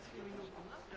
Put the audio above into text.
parce qu'il est midi.